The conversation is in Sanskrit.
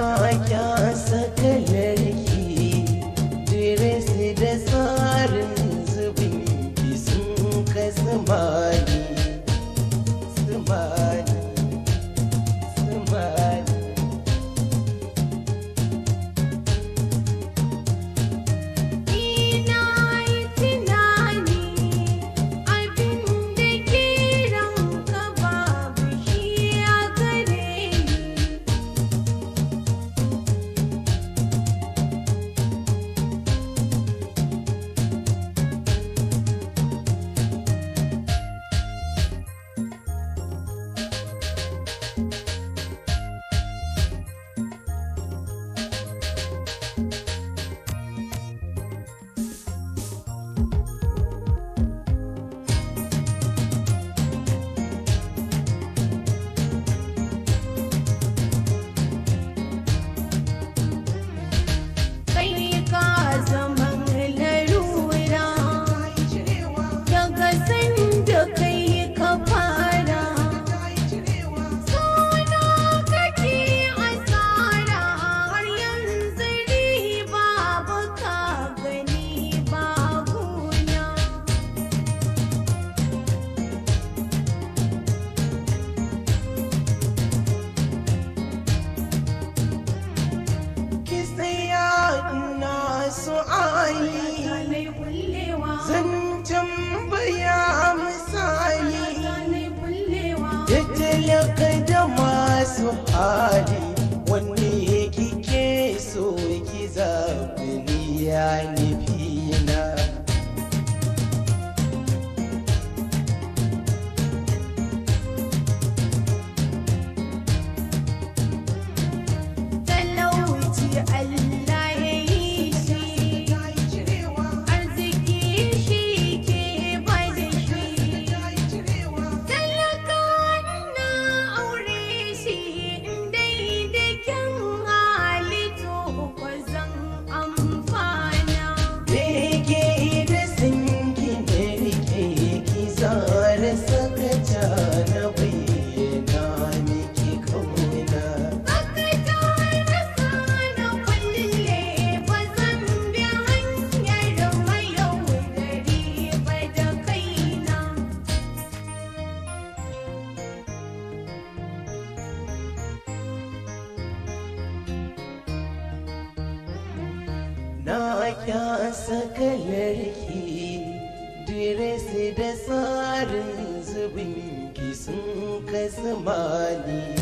Like yeah. hali wanne kike so ki zaɓi ni क्या सक लड़की डेरे से डसार जबिन की सुन कस